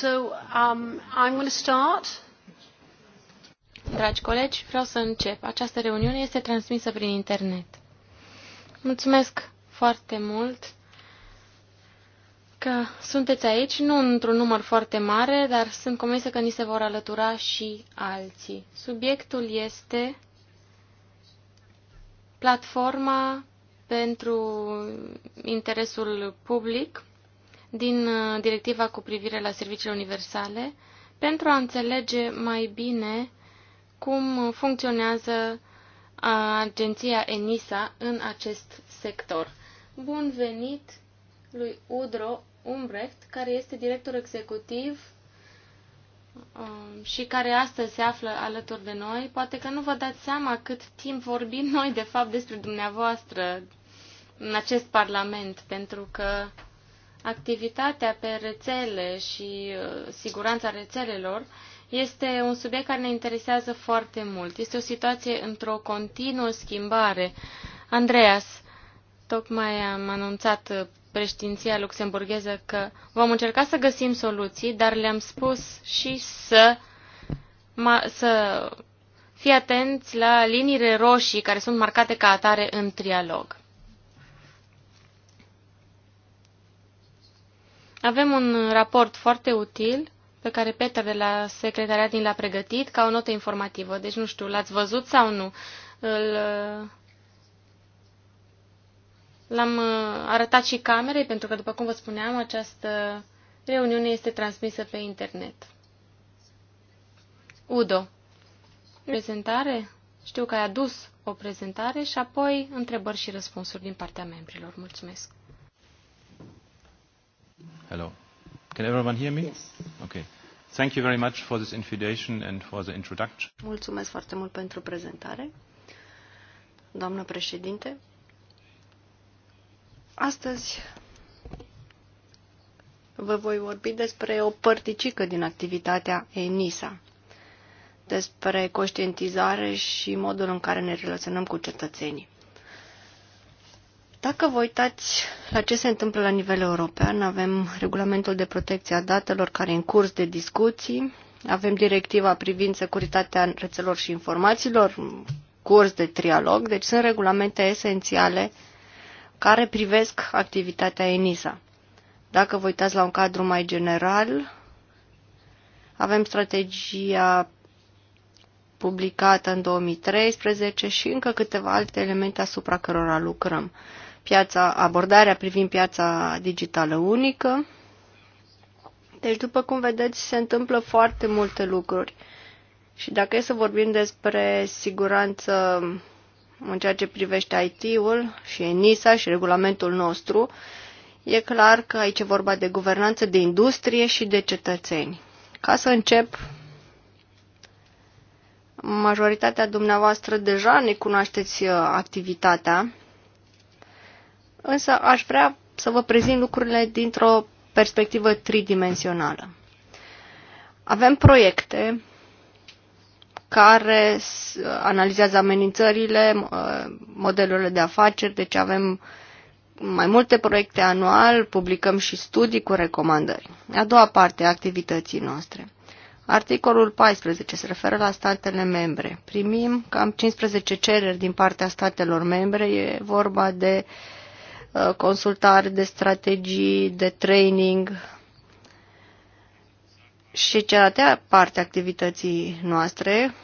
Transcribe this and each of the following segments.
So um, I'm going to start. Dragi colegi, vreau să încep. Această reuniune este transmisă prin internet. Mulțumesc foarte mult că sunteți aici, nu într-un număr foarte mare, dar sunt convinsă că ni se vor alătura și alții. Subiectul este platforma pentru interesul public din uh, directiva cu privire la serviciile universale pentru a înțelege mai bine cum funcționează uh, agenția ENISA în acest sector. Bun venit lui Udro Umbrecht, care este director executiv um, și care astăzi se află alături de noi. Poate că nu vă dați seama cât timp vorbim noi, de fapt, despre dumneavoastră în acest parlament, pentru că activitatea pe rețele și uh, siguranța rețelelor este un subiect care ne interesează foarte mult. Este o situație într-o continuă schimbare. Andreas, tocmai am anunțat uh, preștinția luxemburgheză că vom încerca să găsim soluții, dar le-am spus și să, ma, să fii atenți la liniile roșii care sunt marcate ca atare în trialog. Avem un raport foarte util pe care Peter de la secretariat din l-a pregătit ca o notă informativă. Deci nu știu, l-ați văzut sau nu? Îl... L-am uh, arătat și camerei, pentru că, după cum vă spuneam, această reuniune este transmisă pe internet. Udo, prezentare? Știu că ai adus o prezentare și apoi întrebări și răspunsuri din partea membrilor. Mulțumesc! Hello. Can everyone hear me? Yes. Okay. Thank you very much for this invitation and for the introduction. Mulțumesc foarte mult pentru prezentare. Doamnă președinte, astăzi vă voi vorbi despre o părticică din activitatea ENISA, despre conștientizare și modul în care ne relaționăm cu cetățenii. Dacă vă uitați la ce se întâmplă la nivel european, avem regulamentul de protecție a datelor care e în curs de discuții, avem directiva privind securitatea rețelor și informațiilor, curs de trialog, deci sunt regulamente esențiale care privesc activitatea ENISA. Dacă vă uitați la un cadru mai general, avem strategia publicată în 2013 și încă câteva alte elemente asupra cărora lucrăm piața, abordarea privind piața digitală unică. Deci, după cum vedeți, se întâmplă foarte multe lucruri. Și dacă e să vorbim despre siguranță în ceea ce privește IT-ul și ENISA și regulamentul nostru, e clar că aici e vorba de guvernanță, de industrie și de cetățeni. Ca să încep, majoritatea dumneavoastră deja ne cunoașteți uh, activitatea însă aș vrea să vă prezint lucrurile dintr-o perspectivă tridimensională. Avem proiecte care analizează amenințările, ă, modelurile de afaceri, deci avem mai multe proiecte anual, publicăm și studii cu recomandări. A doua parte a activității noastre. Articolul 14 se referă la statele membre. Primim cam 15 cereri din partea statelor membre. E vorba de uh, Uh, consultare, de strategii, de training și cealaltă parte activității noastre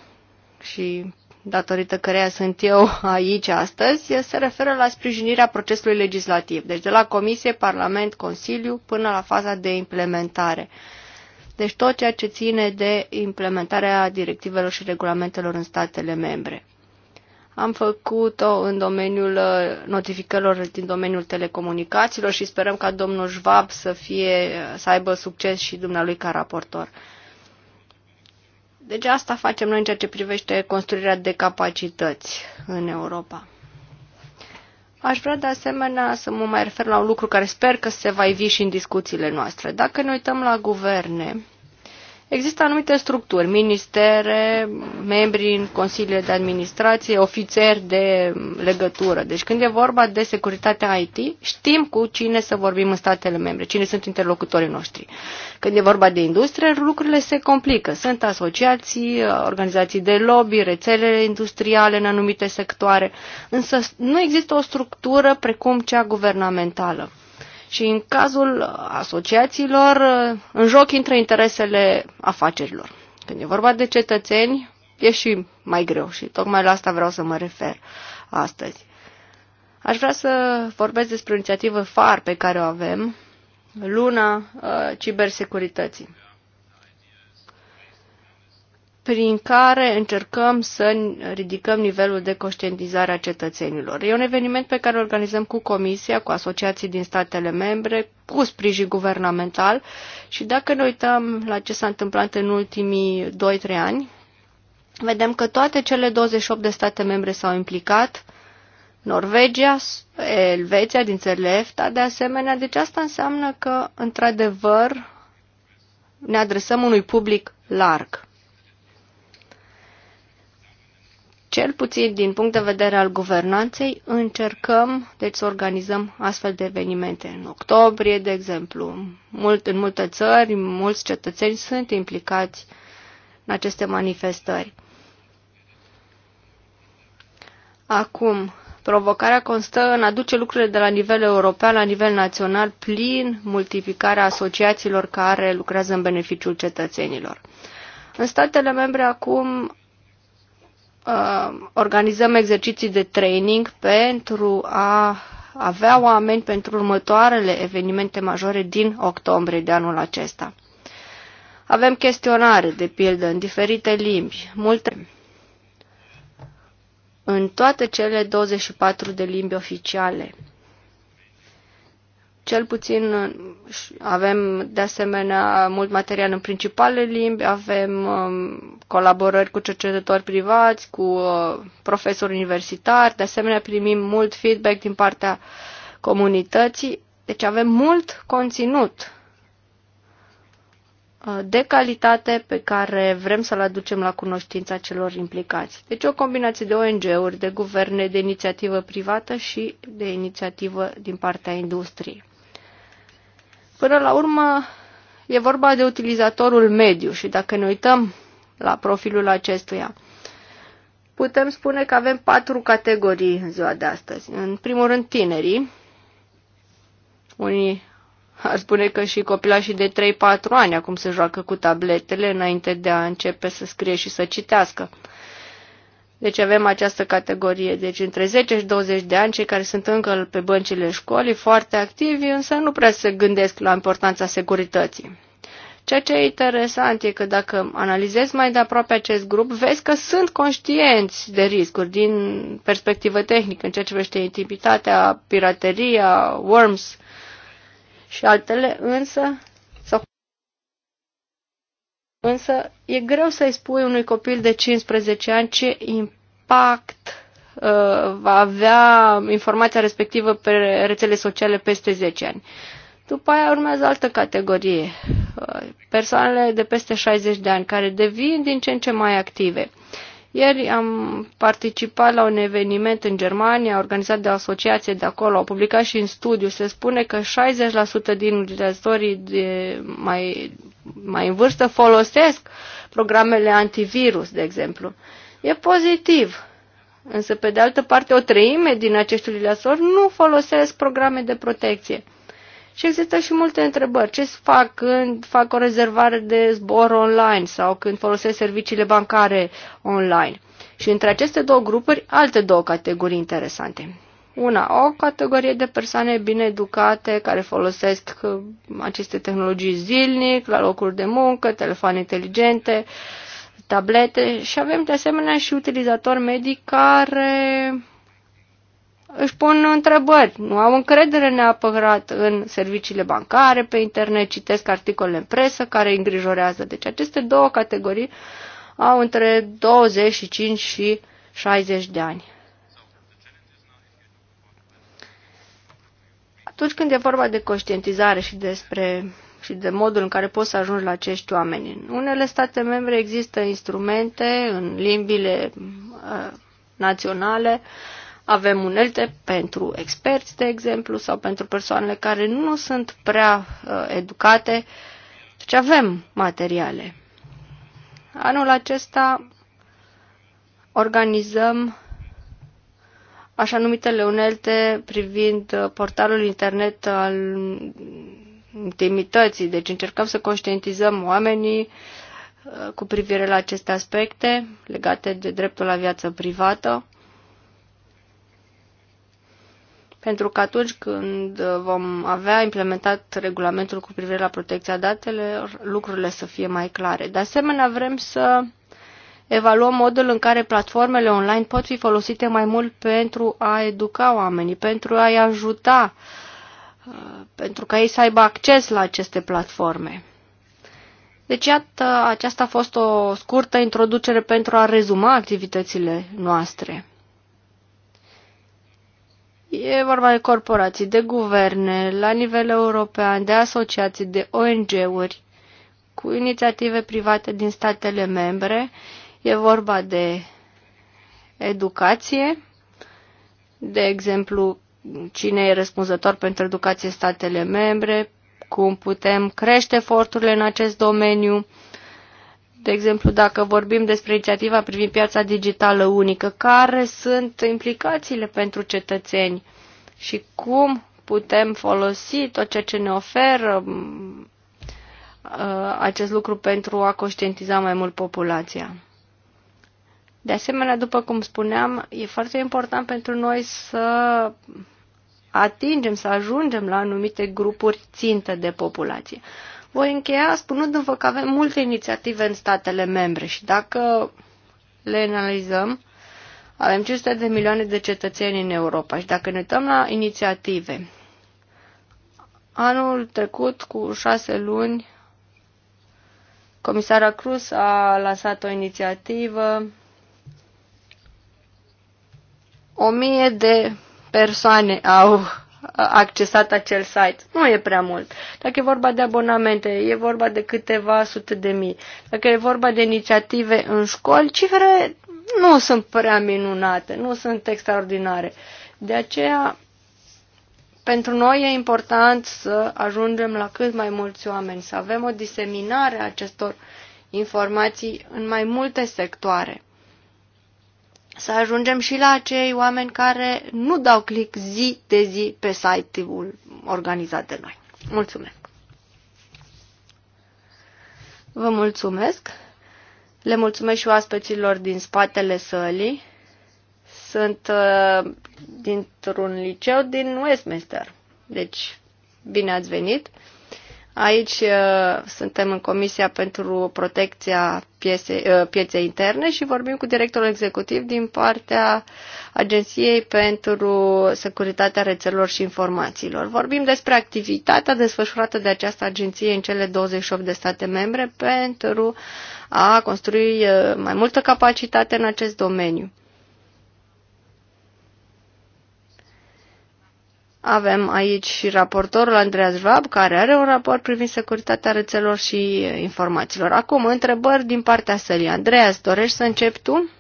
și datorită căreia sunt eu aici astăzi, se referă la sprijinirea procesului legislativ, deci de la Comisie, Parlament, Consiliu până la faza de implementare. Deci tot ceea ce ține de implementarea directivelor și regulamentelor în statele membre. Am făcut-o în domeniul uh, notificărilor din domeniul telecomunicațiilor și sperăm ca domnul Schwab să, fie, să aibă succes și dumnealui ca raportor. Deci asta facem noi în ceea ce privește construirea de capacități în Europa. Aș vrea de asemenea să mă mai refer la un lucru care sper că se va ivi și în discuțiile noastre. Dacă ne uităm la guverne, Există anumite structuri, ministere, membri în consiliile de administrație, ofițeri de legătură. Deci când e vorba de securitatea IT, știm cu cine să vorbim în statele membre, cine sunt interlocutorii noștri. Când e vorba de industrie, lucrurile se complică. Sunt asociații, organizații de lobby, rețele industriale în anumite sectoare, însă nu există o structură precum cea guvernamentală. Și în cazul asociațiilor, în joc intră interesele afacerilor. Când e vorba de cetățeni, e și mai greu și tocmai la asta vreau să mă refer astăzi. Aș vrea să vorbesc despre o inițiativă far pe care o avem, luna uh, cibersecurității prin care încercăm să ridicăm nivelul de conștientizare a cetățenilor. E un eveniment pe care îl organizăm cu Comisia, cu asociații din statele membre, cu sprijin guvernamental și dacă ne uităm la ce s-a întâmplat în ultimii 2-3 ani, vedem că toate cele 28 de state membre s-au implicat, Norvegia, Elveția din țările EFTA, de asemenea, deci asta înseamnă că, într-adevăr, ne adresăm unui public larg. Cel puțin din punct de vedere al guvernanței, încercăm deci să organizăm astfel de evenimente. În octombrie, de exemplu, mult, în multe țări, mulți cetățeni sunt implicați în aceste manifestări. Acum, provocarea constă în aduce lucrurile de la nivel european la nivel național plin multiplicarea asociațiilor care lucrează în beneficiul cetățenilor. În statele membre acum Uh, organizăm exerciții de training pentru a avea oameni pentru următoarele evenimente majore din octombrie de anul acesta. Avem chestionare, de pildă, în diferite limbi, multe în toate cele 24 de limbi oficiale cel puțin uh, avem de asemenea mult material în principale limbi, avem um, colaborări cu cercetători privați, cu uh, profesori universitari, de asemenea primim mult feedback din partea comunității, deci avem mult conținut uh, de calitate pe care vrem să-l aducem la cunoștința celor implicați. Deci o combinație de ONG-uri, de guverne, de inițiativă privată și de inițiativă din partea industriei. Până la urmă, e vorba de utilizatorul mediu și dacă ne uităm la profilul acestuia, putem spune că avem patru categorii în ziua de astăzi. În primul rând, tinerii. Unii ar spune că și copilașii de 3-4 ani acum se joacă cu tabletele înainte de a începe să scrie și să citească. Deci avem această categorie. Deci între 10 și 20 de ani, cei care sunt încă pe băncile școlii, foarte activi, însă nu prea se gândesc la importanța securității. Ceea ce e interesant e că dacă analizezi mai de aproape acest grup, vezi că sunt conștienți de riscuri din perspectivă tehnică, în ceea ce privește intimitatea, pirateria, worms și altele, însă Însă e greu să-i spui unui copil de 15 ani ce impact uh, va avea informația respectivă pe rețele sociale peste 10 ani. După aia urmează altă categorie, uh, persoanele de peste 60 de ani care devin din ce în ce mai active. Ieri am participat la un eveniment în Germania, organizat de o asociație de acolo, au publicat și în studiu, se spune că 60% din utilizatorii de mai mai în vârstă folosesc programele antivirus, de exemplu. E pozitiv. Însă, pe de altă parte, o treime din acești ulilasori nu folosesc programe de protecție. Și există și multe întrebări. Ce fac când fac o rezervare de zbor online sau când folosesc serviciile bancare online? Și între aceste două grupuri, alte două categorii interesante. Una, o categorie de persoane bine educate care folosesc uh, aceste tehnologii zilnic, la locuri de muncă, telefoane inteligente, tablete și avem de asemenea și utilizatori medii care își pun întrebări, nu au încredere neapărat în serviciile bancare, pe internet, citesc articole în presă care îi îngrijorează. Deci aceste două categorii au între 25 și 60 de ani. Atunci când e vorba de conștientizare și despre și de modul în care poți să ajungi la acești oameni. În unele state membre există instrumente în limbile uh, naționale, avem unelte pentru experți, de exemplu, sau pentru persoanele care nu sunt prea uh, educate, deci avem materiale. Anul acesta organizăm așa numitele unelte privind uh, portalul internet al intimității. Deci încercăm să conștientizăm oamenii uh, cu privire la aceste aspecte legate de dreptul la viață privată. Pentru că atunci când uh, vom avea implementat regulamentul cu privire la protecția datelor, lucrurile să fie mai clare. De asemenea, vrem să evaluăm modul în care platformele online pot fi folosite mai mult pentru a educa oamenii, pentru a-i ajuta, uh, pentru ca ei să aibă acces la aceste platforme. Deci, iată, aceasta a fost o scurtă introducere pentru a rezuma activitățile noastre. E vorba de corporații, de guverne, la nivel european, de asociații, de ONG-uri, cu inițiative private din statele membre E vorba de educație, de exemplu, cine e răspunzător pentru educație statele membre, cum putem crește eforturile în acest domeniu. De exemplu, dacă vorbim despre inițiativa privind piața digitală unică, care sunt implicațiile pentru cetățeni și cum putem folosi tot ceea ce ne oferă uh, acest lucru pentru a conștientiza mai mult populația. De asemenea, după cum spuneam, e foarte important pentru noi să atingem, să ajungem la anumite grupuri țintă de populație. Voi încheia spunându-vă că avem multe inițiative în statele membre și dacă le analizăm, avem 500 de milioane de cetățeni în Europa și dacă ne uităm la inițiative, anul trecut, cu șase luni, comisara Cruz a lansat o inițiativă o mie de persoane au accesat acel site. Nu e prea mult. Dacă e vorba de abonamente, e vorba de câteva sute de mii. Dacă e vorba de inițiative în școli, cifrele nu sunt prea minunate, nu sunt extraordinare. De aceea, pentru noi e important să ajungem la cât mai mulți oameni, să avem o diseminare a acestor informații în mai multe sectoare să ajungem și la acei oameni care nu dau click zi de zi pe site-ul organizat de noi. Mulțumesc! Vă mulțumesc! Le mulțumesc și oaspeților din spatele sălii. Sunt uh, dintr-un liceu din Westminster. Deci, bine ați venit! Aici uh, suntem în Comisia pentru Protecția piese, uh, Pieței Interne și vorbim cu directorul executiv din partea Agenției pentru Securitatea Rețelor și Informațiilor. Vorbim despre activitatea desfășurată de această agenție în cele 28 de state membre pentru a construi uh, mai multă capacitate în acest domeniu. Avem aici și raportorul Andreas Vab, care are un raport privind securitatea rețelor și informațiilor. Acum, întrebări din partea sălii. Andreas, dorești să începi tu?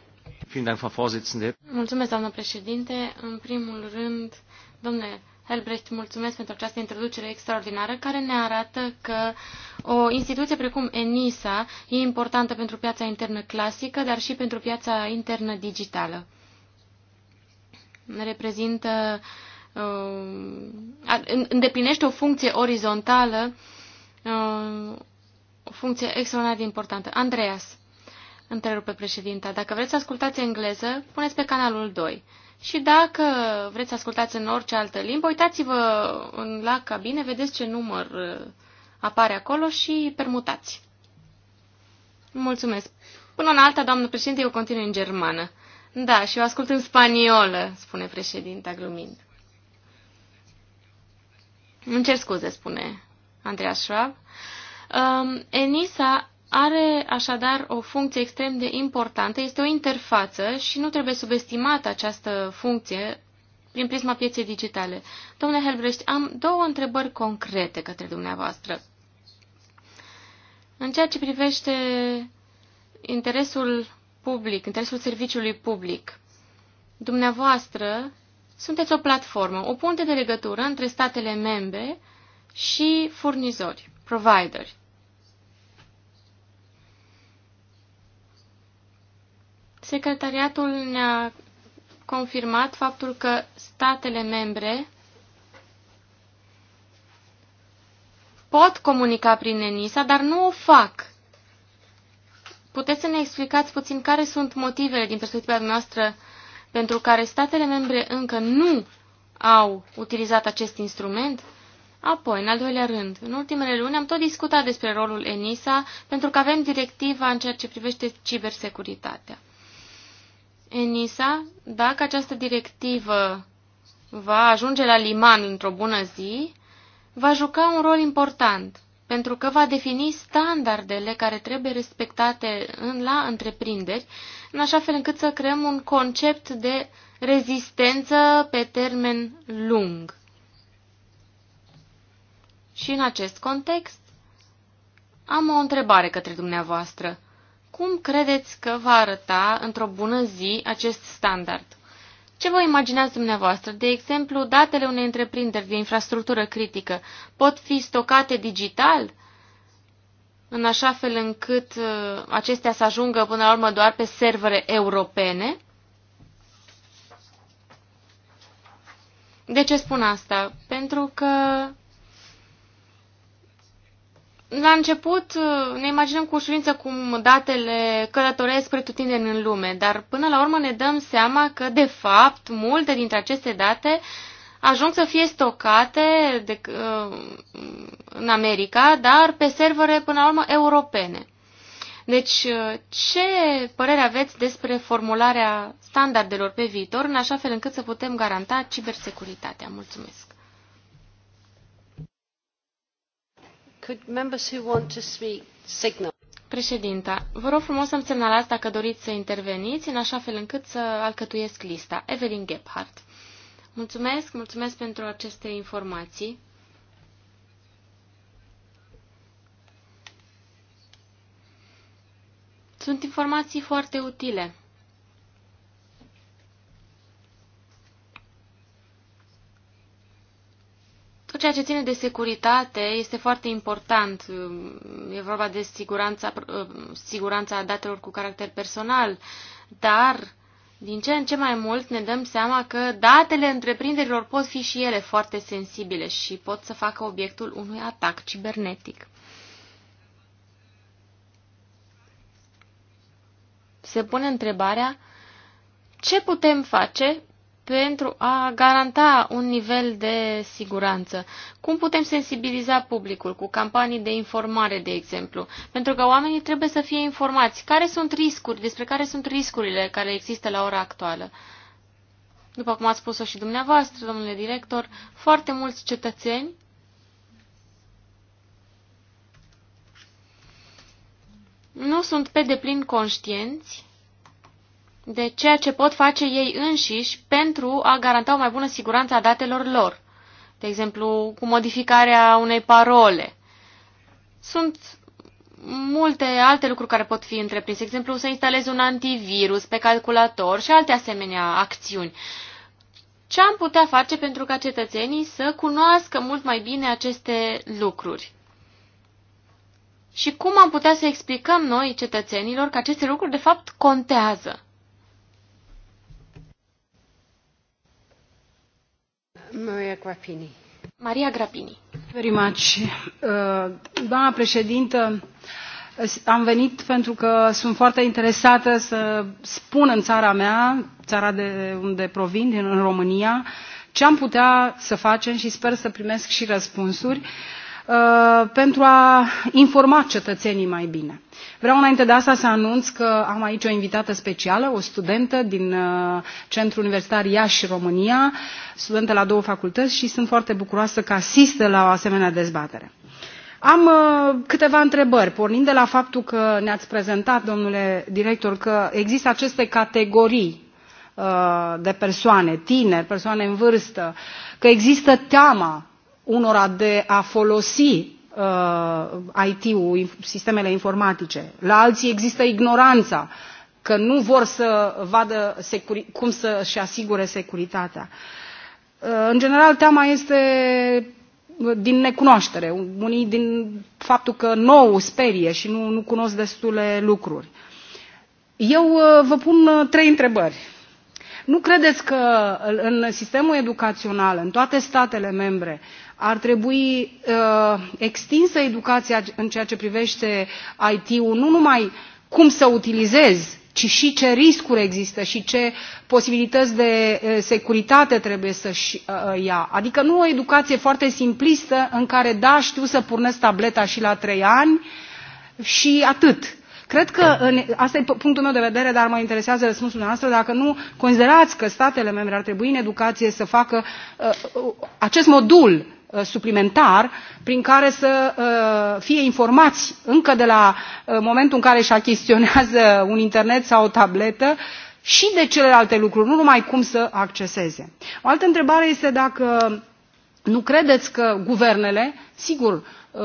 Mulțumesc, doamnă președinte. În primul rând, domnule Helbrecht, mulțumesc pentru această introducere extraordinară care ne arată că o instituție precum ENISA e importantă pentru piața internă clasică, dar și pentru piața internă digitală. Reprezintă uh, Uh, îndeplinește o funcție orizontală, uh, o funcție extraordinar de importantă. Andreas, întrerupe președinta, dacă vreți să ascultați engleză, puneți pe canalul 2. Și dacă vreți să ascultați în orice altă limbă, uitați-vă la cabine, vedeți ce număr uh, apare acolo și permutați. Mulțumesc. Până în alta, doamnă președinte, eu continui în germană. Da, și eu ascult în spaniolă, spune președinta glumind. Îmi cer scuze, spune Andreas Schwab. Um, ENISA are așadar o funcție extrem de importantă, este o interfață și nu trebuie subestimată această funcție prin prisma pieței digitale. Domnule Helbrecht, am două întrebări concrete către dumneavoastră. În ceea ce privește interesul public, interesul serviciului public, dumneavoastră sunteți o platformă, o punte de legătură între statele membre și furnizori, provideri. Secretariatul ne-a confirmat faptul că statele membre pot comunica prin ENISA, dar nu o fac. Puteți să ne explicați puțin care sunt motivele din perspectiva noastră pentru care statele membre încă nu au utilizat acest instrument? Apoi, în al doilea rând, în ultimele luni am tot discutat despre rolul ENISA pentru că avem directiva în ceea ce privește cibersecuritatea. ENISA, dacă această directivă va ajunge la liman într-o bună zi, va juca un rol important, pentru că va defini standardele care trebuie respectate în, la întreprinderi în așa fel încât să creăm un concept de rezistență pe termen lung. Și în acest context am o întrebare către dumneavoastră. Cum credeți că va arăta într-o bună zi acest standard? Ce vă imaginați dumneavoastră? De exemplu, datele unei întreprinderi de infrastructură critică pot fi stocate digital? în așa fel încât uh, acestea să ajungă până la urmă doar pe servere europene. De ce spun asta? Pentru că la început uh, ne imaginăm cu ușurință cum datele călătoresc pretutindeni în lume, dar până la urmă ne dăm seama că, de fapt, multe dintre aceste date ajung să fie stocate de, uh, în America, dar pe servere, până la urmă, europene. Deci, uh, ce părere aveți despre formularea standardelor pe viitor, în așa fel încât să putem garanta cibersecuritatea? Mulțumesc! Could members who want to speak signal? Președinta, vă rog frumos să-mi semnalați dacă doriți să interveniți, în așa fel încât să alcătuiesc lista. Evelyn Gebhardt. Mulțumesc, mulțumesc pentru aceste informații. Sunt informații foarte utile. Tot ceea ce ține de securitate este foarte important. E vorba de siguranța, siguranța datelor cu caracter personal, dar din ce în ce mai mult ne dăm seama că datele întreprinderilor pot fi și ele foarte sensibile și pot să facă obiectul unui atac cibernetic. Se pune întrebarea ce putem face pentru a garanta un nivel de siguranță? Cum putem sensibiliza publicul cu campanii de informare, de exemplu? Pentru că oamenii trebuie să fie informați. Care sunt riscuri? Despre care sunt riscurile care există la ora actuală? După cum ați spus-o și dumneavoastră, domnule director, foarte mulți cetățeni nu sunt pe deplin conștienți de ceea ce pot face ei înșiși pentru a garanta o mai bună siguranță a datelor lor. De exemplu, cu modificarea unei parole. Sunt multe alte lucruri care pot fi întreprinse. De exemplu, să instalezi un antivirus pe calculator și alte asemenea acțiuni. Ce am putea face pentru ca cetățenii să cunoască mult mai bine aceste lucruri? Și cum am putea să explicăm noi cetățenilor că aceste lucruri de fapt contează? Maria Grapini. Maria Very much. Uh, doamna președintă, am venit pentru că sunt foarte interesată să spun în țara mea, țara de unde provin, din România, ce am putea să facem și sper să primesc și răspunsuri. Uh, Uh, pentru a informa cetățenii mai bine. Vreau înainte de asta să anunț că am aici o invitată specială, o studentă din uh, Centrul Universitar Iași, România, studentă la două facultăți și sunt foarte bucuroasă că asistă la o asemenea dezbatere. Am uh, câteva întrebări, pornind de la faptul că ne-ați prezentat, domnule director, că există aceste categorii uh, de persoane, tineri, persoane în vârstă, că există teama unora de a folosi uh, IT-ul, sistemele informatice. La alții există ignoranța că nu vor să vadă cum să-și asigure securitatea. Uh, în general, teama este din necunoaștere, unii din faptul că nou sperie și nu, nu cunosc destule lucruri. Eu uh, vă pun uh, trei întrebări. Nu credeți că în sistemul educațional, în toate statele membre, ar trebui uh, extinsă educația în ceea ce privește IT ul nu numai cum să utilizezi ci și ce riscuri există și ce posibilități de uh, securitate trebuie să și uh, ia. Adică nu o educație foarte simplistă în care da, știu să pornesc tableta și la trei ani și atât. Cred că, în, asta e punctul meu de vedere, dar mă interesează răspunsul noastră. dacă nu considerați că statele membre ar trebui în educație să facă uh, acest modul Uh, suplimentar prin care să uh, fie informați încă de la uh, momentul în care își achiziționează un internet sau o tabletă și de celelalte lucruri, nu numai cum să acceseze. O altă întrebare este dacă nu credeți că guvernele, sigur,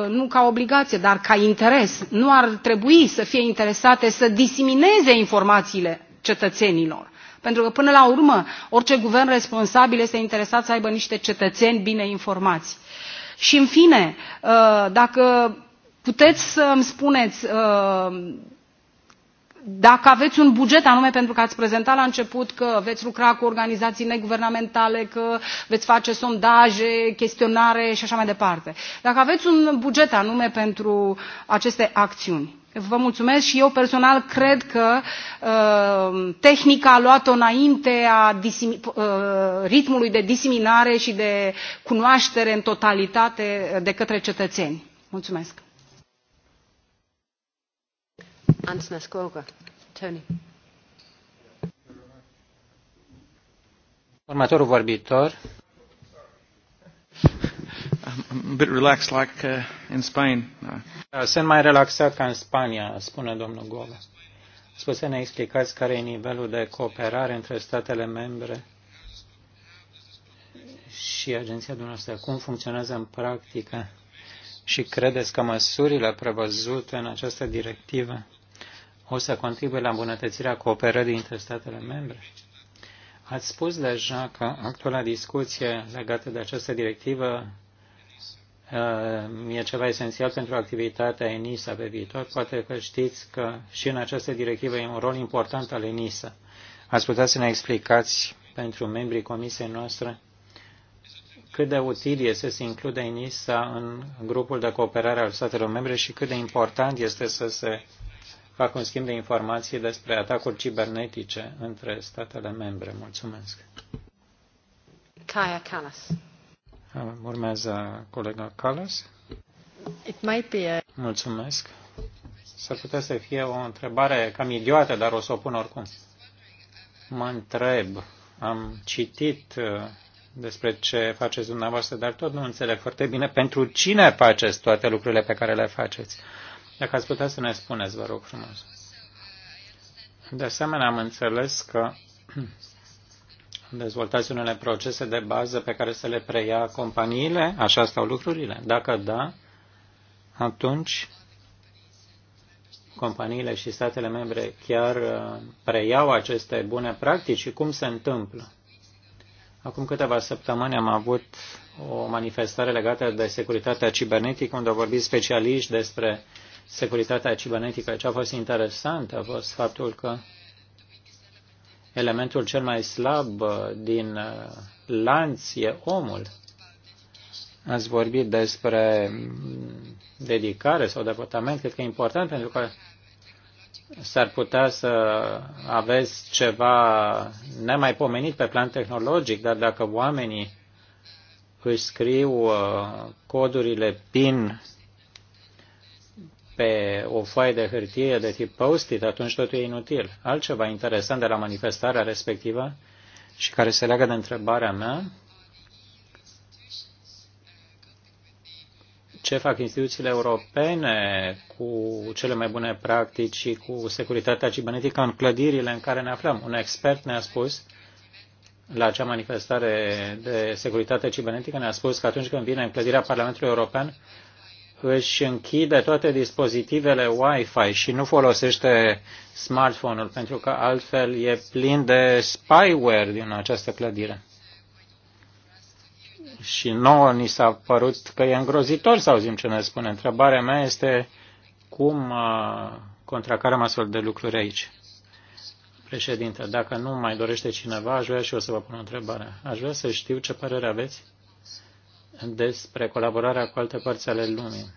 nu ca obligație, dar ca interes, nu ar trebui să fie interesate să disemineze informațiile cetățenilor pentru că până la urmă orice guvern responsabil este interesat să aibă niște cetățeni bine informați. și în fine uh, dacă puteți să îmi spuneți uh, dacă aveți un buget anume pentru că ați prezentat la început că veți lucra cu organizații neguvernamentale că veți face sondaje chestionare și așa mai departe dacă aveți un buget anume pentru aceste acțiuni vă mulțumesc și eu personal cred că uh, tehnica a luat o înainte a uh, ritmului de diseminare și de cunoaștere în totalitate de către cetățeni. mulțumesc. următorul vorbitor a bit relaxed like uh, in Spain. No. Da, sunt mai relaxat ca în Spania, spune domnul Gola. Spune să ne explicați care e nivelul de cooperare între statele membre și agenția dumneavoastră. Cum funcționează în practică? Și credeți că măsurile prevăzute în această directivă o să contribuie la îmbunătățirea cooperării dintre statele membre? Ați spus deja că actuala discuție legată de această directivă Uh, e ceva esențial pentru activitatea ENISA pe viitor. Poate că știți că și în această directivă e un rol important al ENISA. Ați putea să ne explicați pentru membrii comisiei noastre cât de util este să se includă ENISA în grupul de cooperare al statelor membre și cât de important este să se facă un schimb de informații despre atacuri cibernetice între statele membre. Mulțumesc. Kaya Urmează colega Callas. It might be a... Mulțumesc. S-ar putea să fie o întrebare cam idiotă, dar o să o pun oricum. Mă întreb, am citit uh, despre ce faceți dumneavoastră, dar tot nu înțeleg foarte bine pentru cine faceți toate lucrurile pe care le faceți. Dacă ați putea să ne spuneți, vă rog frumos. De asemenea, am înțeles că dezvoltați unele procese de bază pe care să le preia companiile? Așa stau lucrurile? Dacă da, atunci companiile și statele membre chiar uh, preiau aceste bune practici și cum se întâmplă? Acum câteva săptămâni am avut o manifestare legată de securitatea cibernetică, unde au vorbit specialiști despre securitatea cibernetică. Ce deci a fost interesant a fost faptul că elementul cel mai slab uh, din uh, lanț e omul. Ați vorbit despre mm, dedicare sau departament, cred că e important pentru că s-ar putea să aveți ceva nemaipomenit pe plan tehnologic, dar dacă oamenii își scriu uh, codurile PIN pe o foaie de hârtie de tip post-it, atunci totul e inutil. Altceva interesant de la manifestarea respectivă și care se leagă de întrebarea mea, ce fac instituțiile europene cu cele mai bune practici și cu securitatea cibernetică în clădirile în care ne aflăm. Un expert ne-a spus la acea manifestare de securitate cibernetică ne-a spus că atunci când vine în clădirea Parlamentului European, își închide toate dispozitivele Wi-Fi și nu folosește smartphone-ul, pentru că altfel e plin de spyware din această clădire. Și nouă ni s-a părut că e îngrozitor să auzim ce ne spune. Întrebarea mea este cum uh, contracarăm astfel de lucruri aici. Președinte, dacă nu mai dorește cineva, aș vrea și eu să vă pun o întrebare. Aș vrea să știu ce părere aveți despre colaborarea cu alte părți ale lumii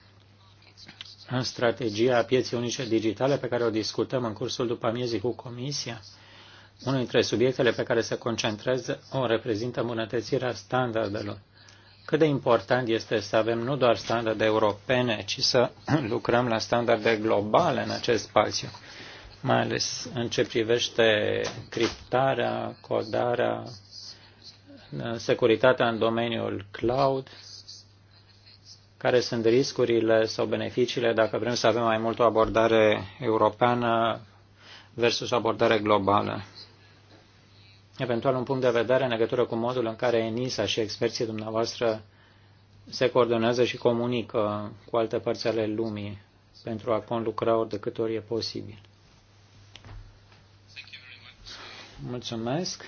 în strategia pieței unice digitale pe care o discutăm în cursul după amiezii cu Comisia, unul dintre subiectele pe care se concentrează o reprezintă îmbunătățirea standardelor. Cât de important este să avem nu doar standarde europene, ci să lucrăm la standarde globale în acest spațiu, mai ales în ce privește criptarea, codarea, securitatea în domeniul cloud, care sunt riscurile sau beneficiile dacă vrem să avem mai mult o abordare europeană versus o abordare globală. Eventual un punct de vedere în legătură cu modul în care ENISA și experții dumneavoastră se coordonează și comunică cu alte părți ale lumii pentru a conlucra ori de câte ori e posibil. Mulțumesc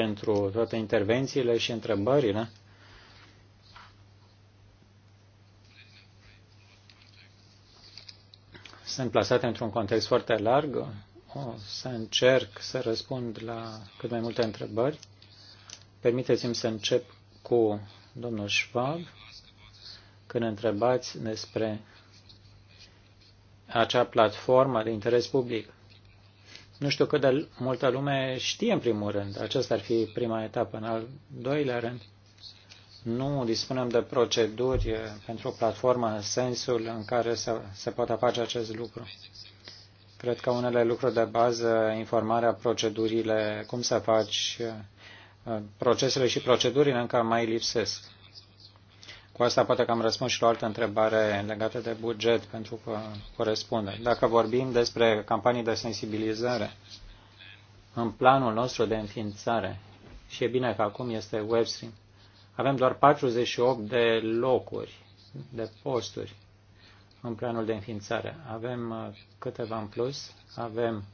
pentru toate intervențiile și întrebările. Sunt plasate într-un context foarte larg. O să încerc să răspund la cât mai multe întrebări. Permiteți-mi să încep cu domnul Schwab când întrebați despre acea platformă de interes public. Nu știu cât de multă lume știe în primul rând. Aceasta ar fi prima etapă. În al doilea rând, nu dispunem de proceduri eh, pentru o platformă în sensul în care se, se poate face acest lucru. Cred că unele lucruri de bază, informarea, procedurile, cum să faci, eh, eh, procesele și procedurile încă mai lipsesc. Cu asta poate că am răspuns și la o altă întrebare legată de buget, pentru că corespunde. Dacă vorbim despre campanii de sensibilizare, în planul nostru de înființare, și e bine că acum este Webstream, avem doar 48 de locuri, de posturi în planul de înființare. Avem uh, câteva în plus, avem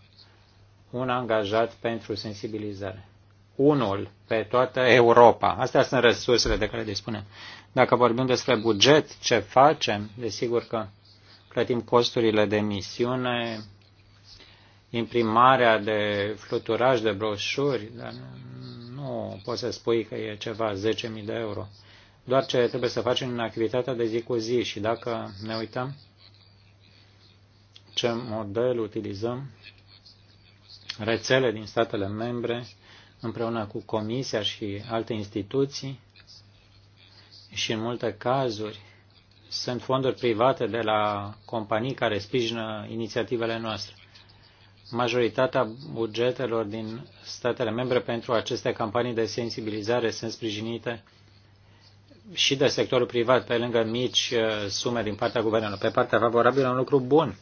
un angajat pentru sensibilizare. Unul pe toată Europa. Astea sunt resursele de care dispunem. Dacă vorbim despre buget, ce facem, desigur că plătim costurile de misiune, imprimarea de fluturaj de broșuri, dar nu poți să spui că e ceva 10.000 de euro. Doar ce trebuie să facem în activitatea de zi cu zi și dacă ne uităm ce model utilizăm, rețele din statele membre, împreună cu Comisia și alte instituții, și în multe cazuri sunt fonduri private de la companii care sprijină inițiativele noastre. Majoritatea bugetelor din statele membre pentru aceste campanii de sensibilizare sunt sprijinite și de sectorul privat, pe lângă mici uh, sume din partea guvernelor. Pe partea favorabilă, un lucru bun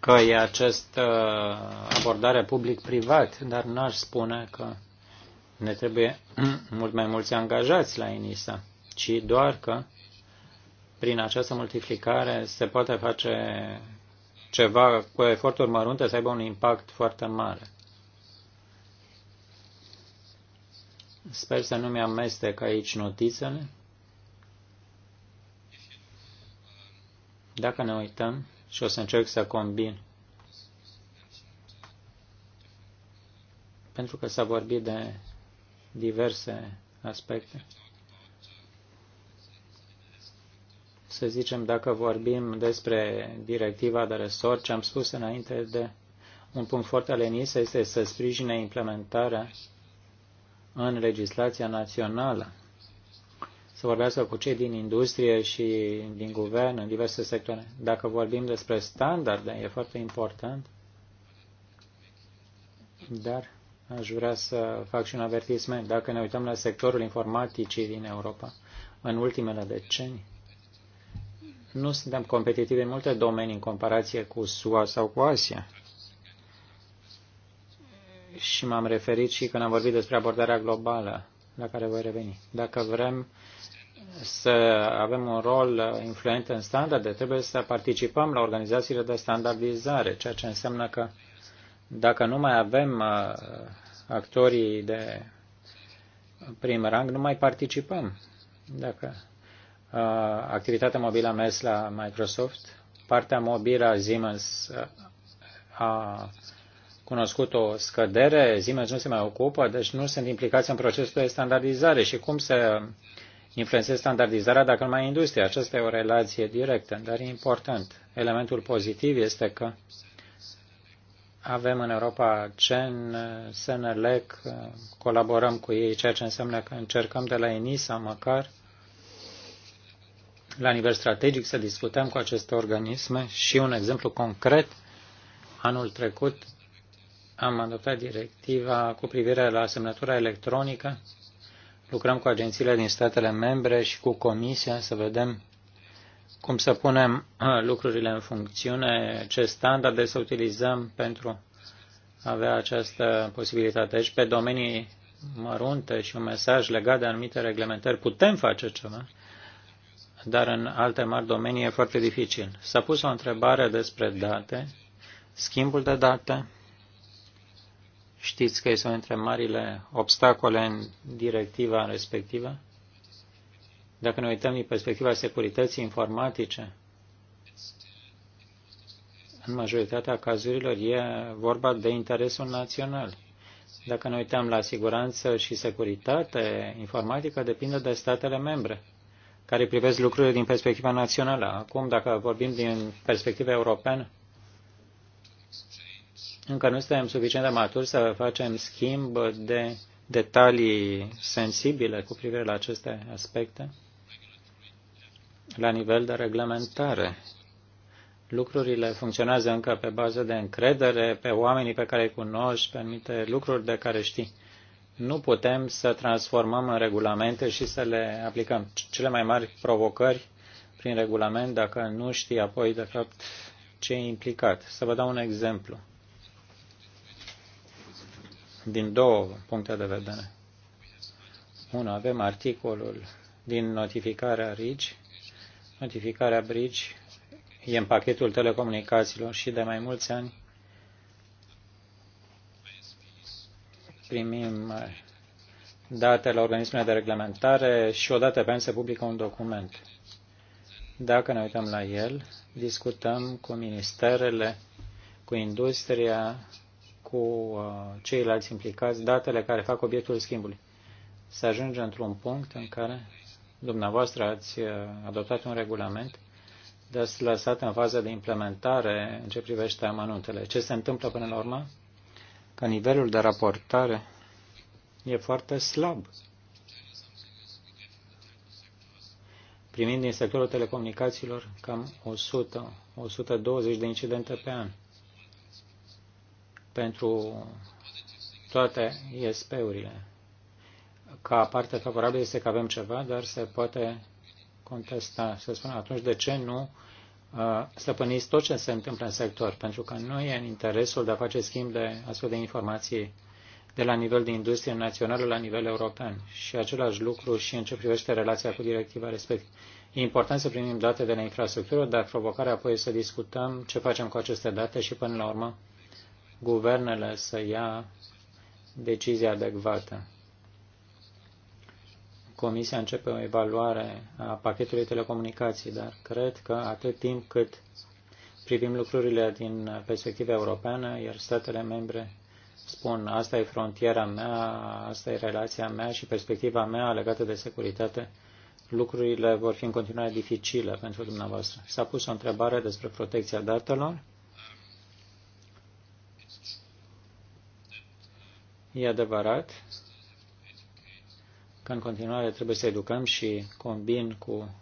că e această uh, abordare public-privat, dar n-aș spune că ne trebuie mult mai mulți angajați la INISA ci doar că prin această multiplicare se poate face ceva cu eforturi mărunte să aibă un impact foarte mare. Sper să nu mi-amestec aici notițele. Dacă ne uităm și o să încerc să combin, pentru că s-a vorbit de diverse aspecte. să zicem, dacă vorbim despre directiva de resort, ce am spus înainte de un punct foarte al ENISA este să sprijine implementarea în legislația națională. Să vorbească cu cei din industrie și din guvern în diverse sectoare. Dacă vorbim despre standarde, e foarte important, dar aș vrea să fac și un avertisment. Dacă ne uităm la sectorul informaticii din Europa, în ultimele decenii, nu suntem competitivi în multe domenii în comparație cu SUA sau cu Asia. Și m-am referit și când am vorbit despre abordarea globală la care voi reveni. Dacă vrem să avem un rol influent în standarde, trebuie să participăm la organizațiile de standardizare, ceea ce înseamnă că dacă nu mai avem uh, actorii de prim rang, nu mai participăm. Dacă Uh, activitatea mobilă a mers la Microsoft. Partea mobilă a Siemens uh, a cunoscut o scădere, Siemens nu se mai ocupă, deci nu sunt implicați în procesul de standardizare și cum se influențeze standardizarea dacă nu mai e industria. Aceasta e o relație directă, dar e important. Elementul pozitiv este că avem în Europa CEN, SNLEC, uh, colaborăm cu ei, ceea ce înseamnă că încercăm de la ENISA măcar la nivel strategic să discutăm cu aceste organisme și un exemplu concret. Anul trecut am adoptat directiva cu privire la semnătura electronică. Lucrăm cu agențiile din statele membre și cu Comisia să vedem cum să punem uh, lucrurile în funcțiune, ce standarde să utilizăm pentru a avea această posibilitate. Deci, pe domenii mărunte și un mesaj legat de anumite reglementări, putem face ceva dar în alte mari domenii e foarte dificil. S-a pus o întrebare despre date, schimbul de date. Știți că este unul dintre marile obstacole în directiva respectivă? Dacă ne uităm din perspectiva securității informatice, în majoritatea cazurilor e vorba de interesul național. Dacă ne uităm la siguranță și securitate informatică, depinde de statele membre care privesc lucrurile din perspectiva națională. Acum, dacă vorbim din perspectiva europeană, încă nu suntem suficient de maturi să facem schimb de detalii sensibile cu privire la aceste aspecte la nivel de reglementare. Lucrurile funcționează încă pe bază de încredere, pe oamenii pe care îi cunoști, pe anumite lucruri de care știi nu putem să transformăm în regulamente și să le aplicăm. Cele mai mari provocări prin regulament dacă nu știi apoi de fapt ce e implicat. Să vă dau un exemplu din două puncte de vedere. Unu, avem articolul din notificarea RIGI. Notificarea RIGI e în pachetul telecomunicațiilor și de mai mulți ani primim eh, date la organismele de reglementare și odată pe an se publică un document. Dacă ne uităm la el, discutăm cu ministerele, cu industria, cu eh, ceilalți implicați, datele care fac obiectul schimbului. să ajunge într-un punct în care dumneavoastră ați eh, adoptat un regulament, dar ați lăsat în fază de implementare în ce privește amanuntele. Ce se întâmplă până la urmă? că nivelul de raportare e foarte slab. Primind din sectorul telecomunicațiilor cam 100-120 de incidente pe an pentru toate ISP-urile. Ca parte favorabilă este că avem ceva, dar se poate contesta. Se spune atunci de ce nu stăpâniți tot ce se întâmplă în sector, pentru că nu e în interesul de a face schimb de astfel de informații de la nivel de industrie națională la nivel european. Și același lucru și în ce privește relația cu directiva respectivă. E important să primim date de la infrastructură, dar provocarea apoi să discutăm ce facem cu aceste date și până la urmă guvernele să ia decizia adecvată. Comisia începe o evaluare a pachetului telecomunicații, dar cred că atât timp cât privim lucrurile din perspectiva europeană, iar statele membre spun asta e frontiera mea, asta e relația mea și perspectiva mea legată de securitate, lucrurile vor fi în continuare dificile pentru dumneavoastră. S-a pus o întrebare despre protecția datelor. E adevărat că în continuare trebuie să educăm și combin cu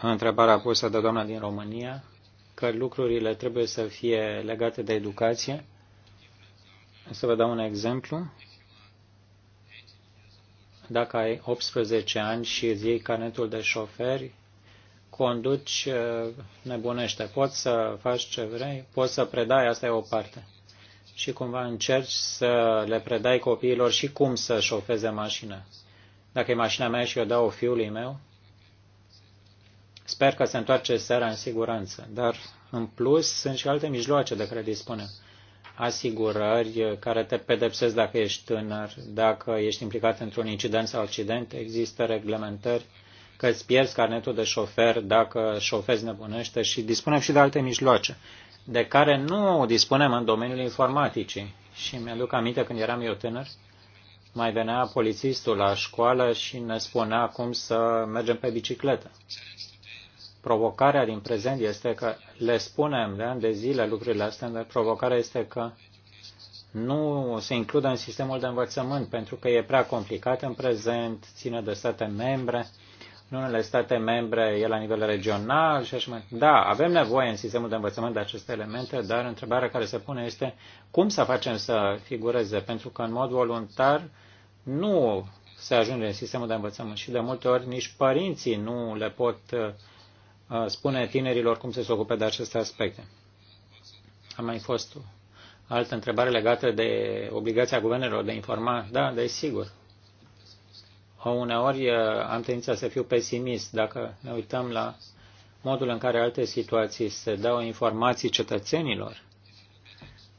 întrebarea pusă de doamna din România, că lucrurile trebuie să fie legate de educație. Să vă dau un exemplu. Dacă ai 18 ani și îți iei carnetul de șoferi, conduci uh, nebunește. Poți să faci ce vrei, poți să predai, asta e o parte și cumva încerci să le predai copiilor și cum să șofeze mașină. Dacă e mașina mea și eu dau fiului meu, sper că se întoarce seara în siguranță. Dar, în plus, sunt și alte mijloace de care dispune: Asigurări care te pedepsesc dacă ești tânăr, dacă ești implicat într-un incident sau accident, există reglementări că îți pierzi carnetul de șofer dacă șofezi nebunește și dispunem și de alte mijloace de care nu dispunem în domeniul informaticii. Și mi-aduc aminte când eram eu tânăr, mai venea polițistul la școală și ne spunea cum să mergem pe bicicletă. Provocarea din prezent este că le spunem de ani de zile lucrurile astea, dar provocarea este că nu se includă în sistemul de învățământ pentru că e prea complicat în prezent, ține de state membre, în unele state membre e la nivel regional și așa mai. Da, avem nevoie în sistemul de învățământ de aceste elemente, dar întrebarea care se pune este cum să facem să figureze, pentru că în mod voluntar nu se ajunge în sistemul de învățământ și de multe ori nici părinții nu le pot uh, spune tinerilor cum să se ocupe de aceste aspecte. A mai fost altă întrebare legată de obligația guvernelor de a informa. Da, desigur uneori eh, am tendința să fiu pesimist dacă ne uităm la modul în care alte situații se dau informații cetățenilor.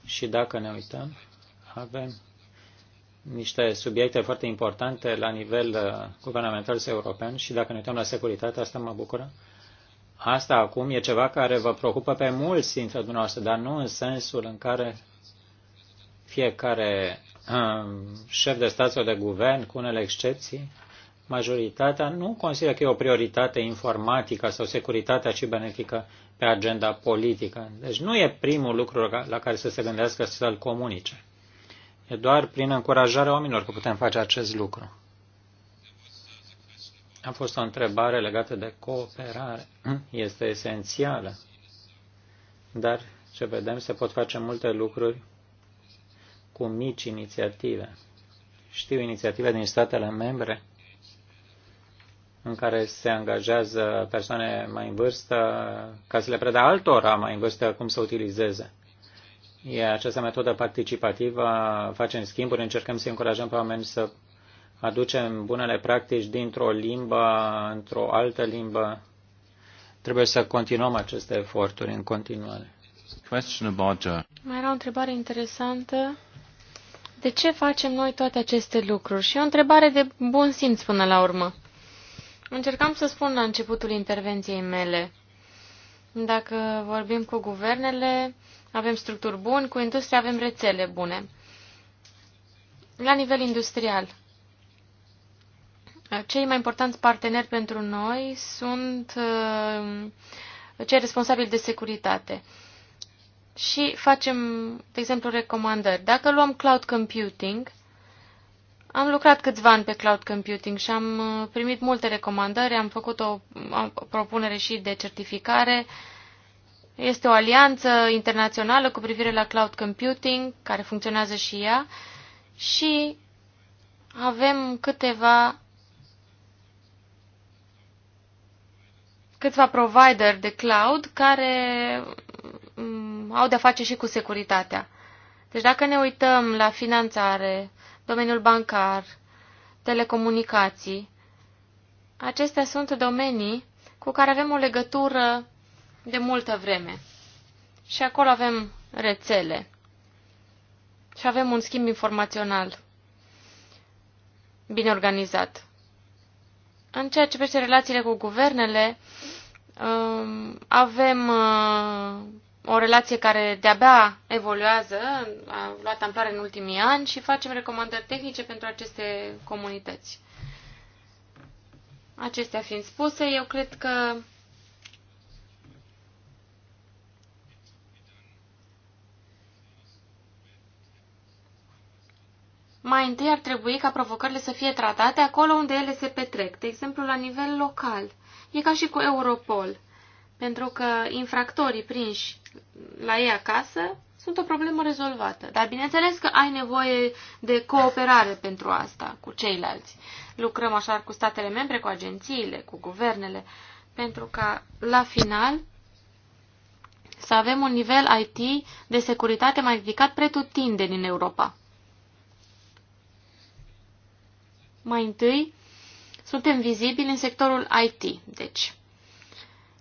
Și dacă ne uităm, avem niște subiecte foarte importante la nivel eh, guvernamental sau european și dacă ne uităm la securitate, asta mă bucură. Asta acum e ceva care vă preocupă pe mulți dintre dumneavoastră, dar nu în sensul în care fiecare șef de stat sau de guvern, cu unele excepții, majoritatea nu consideră că e o prioritate informatică sau securitatea cibernetică pe agenda politică. Deci nu e primul lucru la care să se gândească să-l comunice. E doar prin încurajarea oamenilor că putem face acest lucru. A fost o întrebare legată de cooperare. Este esențială. Dar ce vedem, se pot face multe lucruri cu mici inițiative. Știu inițiative din statele membre în care se angajează persoane mai în vârstă ca să le predă altora mai în vârstă cum să utilizeze. E această metodă participativă, facem schimburi, încercăm să încurajăm pe oameni să aducem bunele practici dintr-o limbă într-o altă limbă. Trebuie să continuăm aceste eforturi în continuare. Uh, mai era o întrebare interesantă de ce facem noi toate aceste lucruri? Și o întrebare de bun simț până la urmă. Încercam să spun la începutul intervenției mele. Dacă vorbim cu guvernele, avem structuri bune, cu industria avem rețele bune. La nivel industrial, cei mai importanți parteneri pentru noi sunt uh, cei responsabili de securitate și facem, de exemplu, recomandări. Dacă luăm cloud computing, am lucrat câțiva ani pe cloud computing și am uh, primit multe recomandări, am făcut o, o propunere și de certificare. Este o alianță internațională cu privire la cloud computing, care funcționează și ea, și avem câteva câțiva provider de cloud care au de-a face și cu securitatea. Deci dacă ne uităm la finanțare, domeniul bancar, telecomunicații, acestea sunt domenii cu care avem o legătură de multă vreme. Și acolo avem rețele și avem un schimb informațional bine organizat. În ceea ce privește relațiile cu guvernele, um, avem uh, o relație care de-abia evoluează, a luat amploare în ultimii ani și facem recomandări tehnice pentru aceste comunități. Acestea fiind spuse, eu cred că mai întâi ar trebui ca provocările să fie tratate acolo unde ele se petrec, de exemplu la nivel local. E ca și cu Europol pentru că infractorii prinși la ei acasă sunt o problemă rezolvată. Dar bineînțeles că ai nevoie de cooperare pentru asta cu ceilalți. Lucrăm așa cu statele membre, cu agențiile, cu guvernele, pentru ca la final să avem un nivel IT de securitate mai ridicat pretutinde în Europa. Mai întâi, suntem vizibili în sectorul IT, deci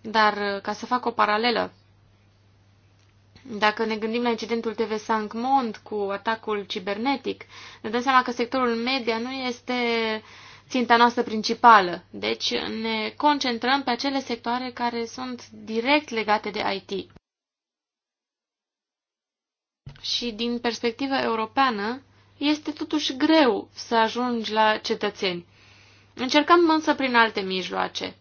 dar uh, ca să fac o paralelă, dacă ne gândim la incidentul TV Sancmont cu atacul cibernetic, ne dăm seama că sectorul media nu este ținta noastră principală. Deci ne concentrăm pe acele sectoare care sunt direct legate de IT. Și din perspectiva europeană, este totuși greu să ajungi la cetățeni. Încercăm însă prin alte mijloace.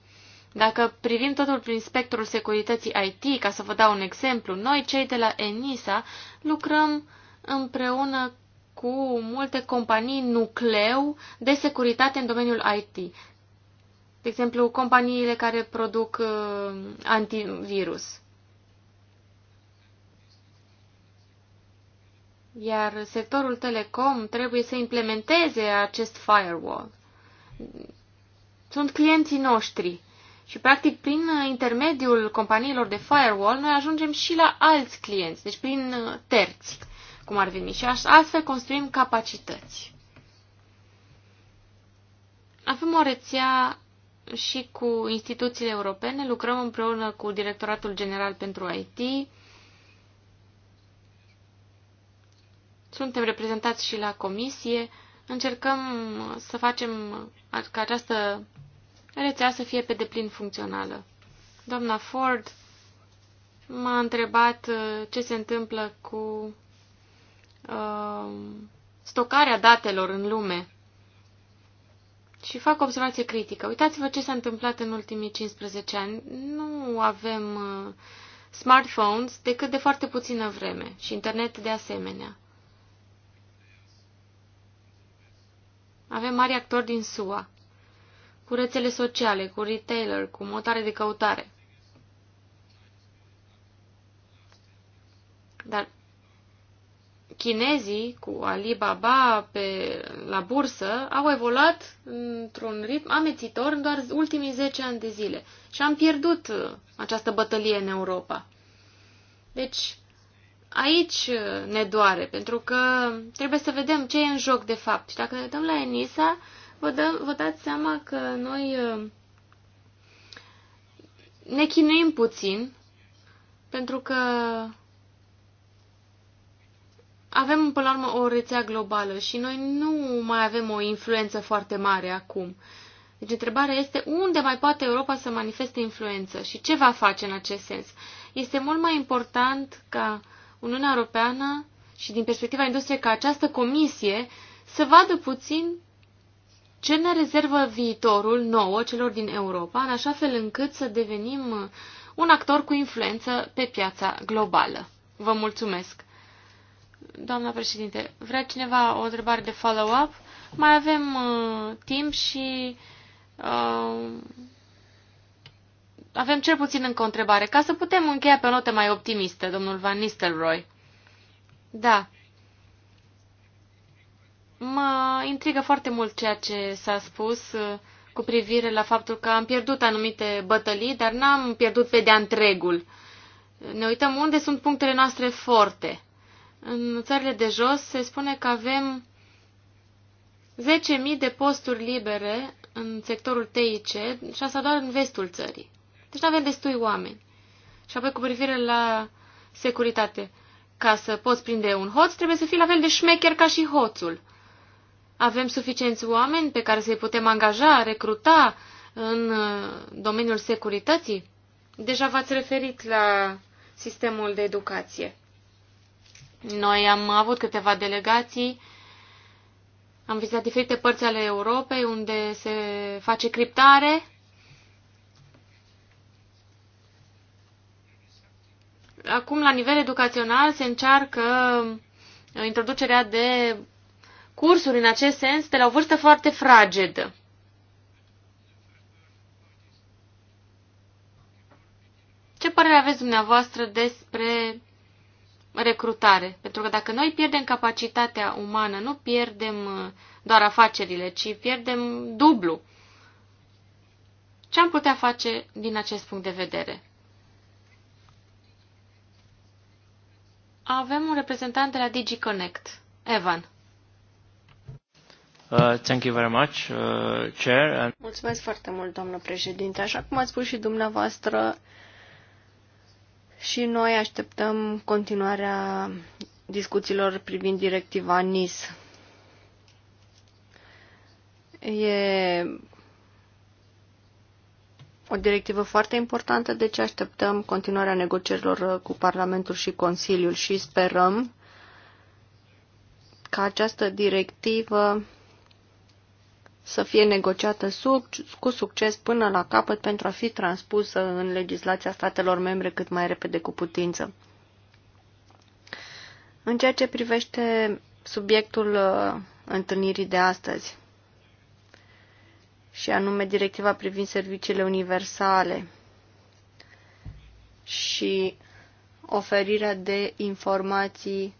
Dacă privim totul prin spectrul securității IT, ca să vă dau un exemplu, noi, cei de la ENISA, lucrăm împreună cu multe companii nucleu de securitate în domeniul IT. De exemplu, companiile care produc uh, antivirus. Iar sectorul telecom trebuie să implementeze acest firewall. Sunt clienții noștri și, practic, prin uh, intermediul companiilor de firewall, noi ajungem și la alți clienți, deci prin uh, terți, cum ar veni. Și astfel construim capacități. Avem o rețea și cu instituțiile europene, lucrăm împreună cu Directoratul General pentru IT, suntem reprezentați și la comisie, încercăm să facem ca această rețea să fie pe deplin funcțională. Doamna Ford m-a întrebat uh, ce se întâmplă cu uh, stocarea datelor în lume. Și fac observație critică. Uitați-vă ce s-a întâmplat în ultimii 15 ani. Nu avem uh, smartphones decât de foarte puțină vreme și internet de asemenea. Avem mari actori din SUA cu rețele sociale, cu retailer, cu motare de căutare. Dar chinezii cu Alibaba pe, la bursă au evoluat într-un ritm amețitor în doar ultimii 10 ani de zile și am pierdut această bătălie în Europa. Deci, aici ne doare, pentru că trebuie să vedem ce e în joc de fapt. Și dacă ne dăm la ENISA, vă, dă, vă dați seama că noi uh, ne chinuim puțin pentru că avem până la urmă o rețea globală și noi nu mai avem o influență foarte mare acum. Deci întrebarea este unde mai poate Europa să manifeste influență și ce va face în acest sens. Este mult mai important ca Uniunea Europeană și din perspectiva industriei ca această comisie să vadă puțin ce ne rezervă viitorul nouă celor din Europa, în așa fel încât să devenim un actor cu influență pe piața globală. Vă mulțumesc! Doamna președinte, vrea cineva o întrebare de follow-up? Mai avem uh, timp și uh, avem cel puțin încă o întrebare, ca să putem încheia pe o notă mai optimistă, domnul Van Nistelrooy. Da, Mă intrigă foarte mult ceea ce s-a spus uh, cu privire la faptul că am pierdut anumite bătălii, dar n-am pierdut pe de-a întregul. Ne uităm unde sunt punctele noastre forte. În țările de jos se spune că avem 10.000 de posturi libere în sectorul TIC și asta doar în vestul țării. Deci nu avem destui oameni. Și apoi cu privire la securitate. Ca să poți prinde un hoț, trebuie să fii la fel de șmecher ca și hoțul. Avem suficienți oameni pe care să-i putem angaja, recruta în uh, domeniul securității? Deja v-ați referit la sistemul de educație. Noi am avut câteva delegații, am vizitat diferite părți ale Europei unde se face criptare. Acum, la nivel educațional, se încearcă introducerea de cursuri în acest sens de la o vârstă foarte fragedă. Ce părere aveți dumneavoastră despre recrutare? Pentru că dacă noi pierdem capacitatea umană, nu pierdem uh, doar afacerile, ci pierdem dublu. Ce am putea face din acest punct de vedere? Avem un reprezentant de la DigiConnect, Evan. Uh, thank you very much, uh, Chair. And... Mulțumesc foarte mult, domnul președinte. Așa cum ați spus și dumneavoastră, și noi așteptăm continuarea discuțiilor privind directiva NIS. E o directivă foarte importantă, deci așteptăm continuarea negocierilor cu Parlamentul și Consiliul și sperăm ca această directivă să fie negociată sub, cu succes până la capăt pentru a fi transpusă în legislația statelor membre cât mai repede cu putință. În ceea ce privește subiectul uh, întâlnirii de astăzi, și anume directiva privind serviciile universale și oferirea de informații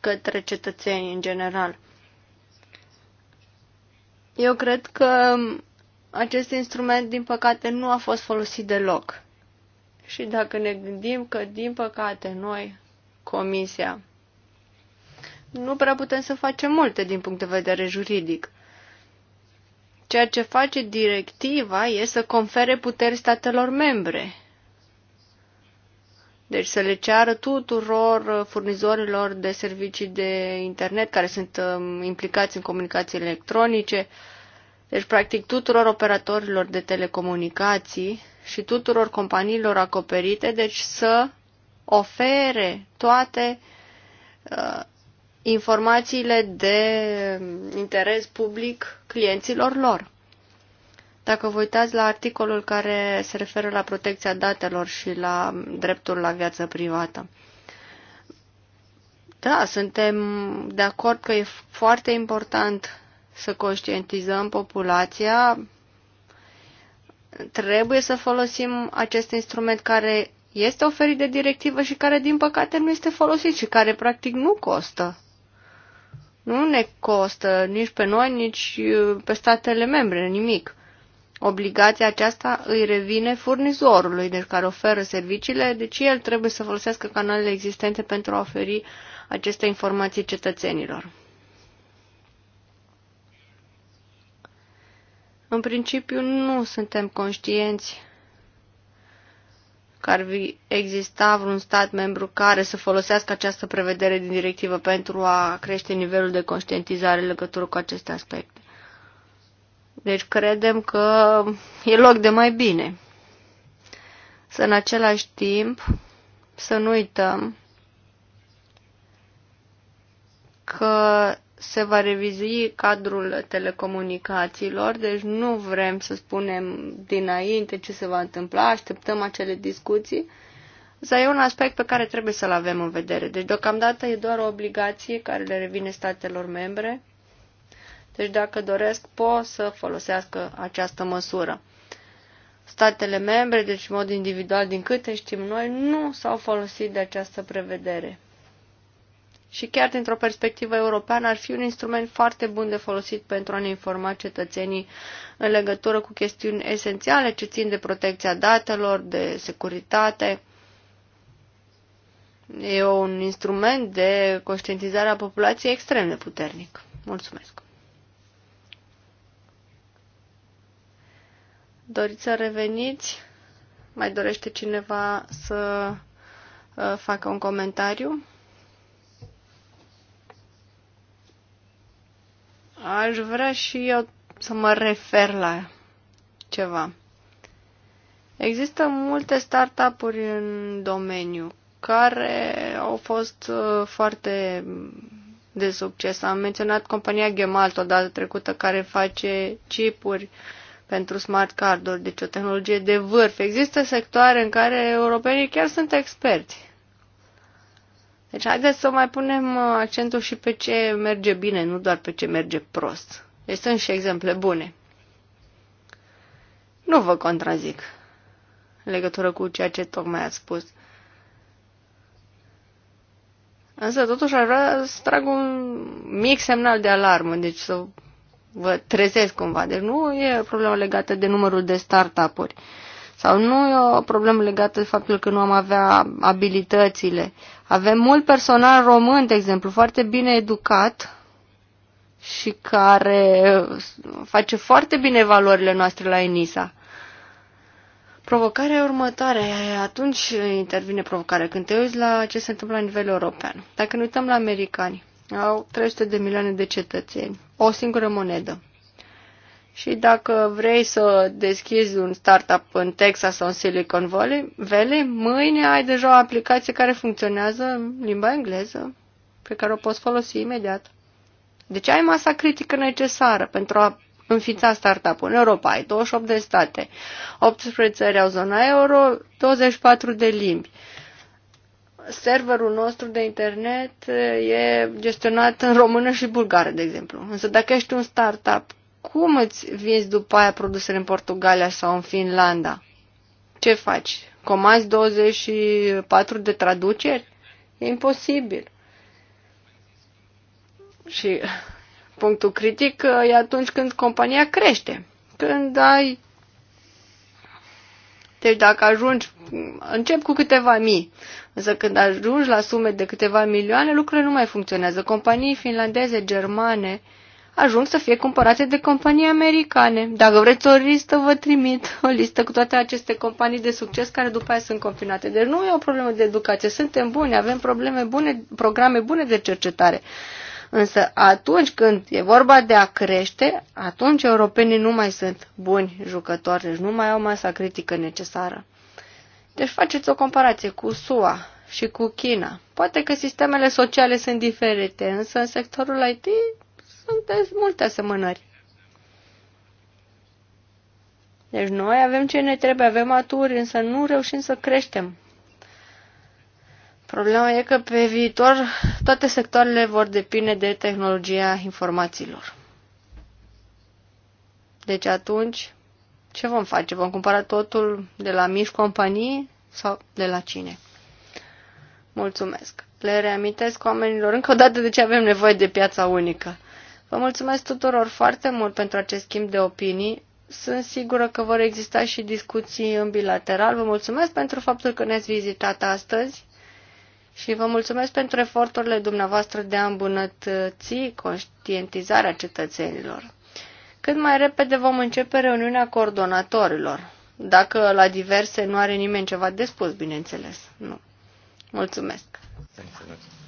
către cetățenii în general. Eu cred că acest instrument, din păcate, nu a fost folosit deloc. Și dacă ne gândim că, din păcate, noi, Comisia, nu prea putem să facem multe din punct de vedere juridic. Ceea ce face directiva e să confere puteri statelor membre deci să le ceară tuturor uh, furnizorilor de servicii de internet care sunt um, implicați în comunicații electronice, deci practic tuturor operatorilor de telecomunicații și tuturor companiilor acoperite, deci să ofere toate uh, informațiile de um, interes public clienților lor. Dacă vă uitați la articolul care se referă la protecția datelor și la dreptul la viață privată. Da, suntem de acord că e foarte important să conștientizăm populația. Trebuie să folosim acest instrument care este oferit de directivă și care, din păcate, nu este folosit și care, practic, nu costă. Nu ne costă nici pe noi, nici uh, pe statele membre nimic. Obligația aceasta îi revine furnizorului, deci care oferă serviciile, deci el trebuie să folosească canalele existente pentru a oferi aceste informații cetățenilor. În principiu nu suntem conștienți că ar exista vreun stat membru care să folosească această prevedere din directivă pentru a crește nivelul de conștientizare legătură cu aceste aspecte. Deci credem că e loc de mai bine. Să în același timp să nu uităm că se va revizui cadrul telecomunicațiilor, deci nu vrem să spunem dinainte ce se va întâmpla, așteptăm acele discuții, dar e un aspect pe care trebuie să-l avem în vedere. Deci deocamdată e doar o obligație care le revine statelor membre, deci dacă doresc, pot să folosească această măsură. Statele membre, deci în mod individual, din câte știm noi, nu s-au folosit de această prevedere. Și chiar dintr-o perspectivă europeană ar fi un instrument foarte bun de folosit pentru a ne informa cetățenii în legătură cu chestiuni esențiale ce țin de protecția datelor, de securitate. E un instrument de conștientizare a populației extrem de puternic. Mulțumesc! Doriți să reveniți? Mai dorește cineva să uh, facă un comentariu? Aș vrea și eu să mă refer la ceva. Există multe startup-uri în domeniu care au fost uh, foarte de succes. Am menționat compania Gemalt dată trecută care face chipuri uh, pentru smart card-uri, deci o tehnologie de vârf. Există sectoare în care europenii chiar sunt experți. Deci haideți să mai punem uh, accentul și pe ce merge bine, nu doar pe ce merge prost. Deci sunt și exemple bune. Nu vă contrazic în legătură cu ceea ce tocmai ați spus. Însă totuși ar vrea să trag un mic semnal de alarmă, deci să vă trezesc cumva. Deci nu e o problemă legată de numărul de startup-uri. Sau nu e o problemă legată de faptul că nu am avea abilitățile. Avem mult personal român, de exemplu, foarte bine educat și care uh, face foarte bine valorile noastre la ENISA. Provocarea următoare, atunci intervine provocarea, când te uiți la ce se întâmplă la nivel european. Dacă ne uităm la americani, au 300 de milioane de cetățeni, o singură monedă. Și dacă vrei să deschizi un startup în Texas sau în Silicon Valley, mâine ai deja o aplicație care funcționează în limba engleză, pe care o poți folosi imediat. Deci ai masa critică necesară pentru a înființa startup-ul. În Europa ai 28 de state, 18 țări au zona euro, 24 de limbi serverul nostru de internet e gestionat în română și bulgară, de exemplu. Însă dacă ești un startup, cum îți vinzi după aia produsele în Portugalia sau în Finlanda? Ce faci? Comazi 24 de traduceri? E imposibil. Și punctul critic e atunci când compania crește. Când ai deci dacă ajungi, încep cu câteva mii, însă când ajungi la sume de câteva milioane, lucrurile nu mai funcționează. Companii finlandeze, germane, ajung să fie cumpărate de companii americane. Dacă vreți o listă, vă trimit o listă cu toate aceste companii de succes care după aia sunt confinate. Deci nu e o problemă de educație. Suntem buni, avem probleme bune, programe bune de cercetare. Însă atunci când e vorba de a crește, atunci europenii nu mai sunt buni jucători, deci nu mai au masa critică necesară. Deci faceți o comparație cu SUA și cu China. Poate că sistemele sociale sunt diferite, însă în sectorul IT sunt multe asemănări. Deci noi avem ce ne trebuie, avem aturi, însă nu reușim să creștem Problema e că pe viitor toate sectoarele vor depinde de tehnologia informațiilor. Deci atunci, ce vom face? Vom cumpăra totul de la mici companii sau de la cine? Mulțumesc! Le reamintesc oamenilor încă o dată de ce avem nevoie de piața unică. Vă mulțumesc tuturor foarte mult pentru acest schimb de opinii. Sunt sigură că vor exista și discuții în bilateral. Vă mulțumesc pentru faptul că ne-ați vizitat astăzi și vă mulțumesc pentru eforturile dumneavoastră de a îmbunătăți conștientizarea cetățenilor. Cât mai repede vom începe reuniunea coordonatorilor, dacă la diverse nu are nimeni ceva de spus, bineînțeles. Nu. Mulțumesc. Thanks